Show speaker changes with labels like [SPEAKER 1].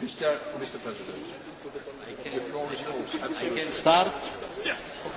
[SPEAKER 1] Mr. Mr. President, the floor is yours. Absolutely. I can start. Yeah.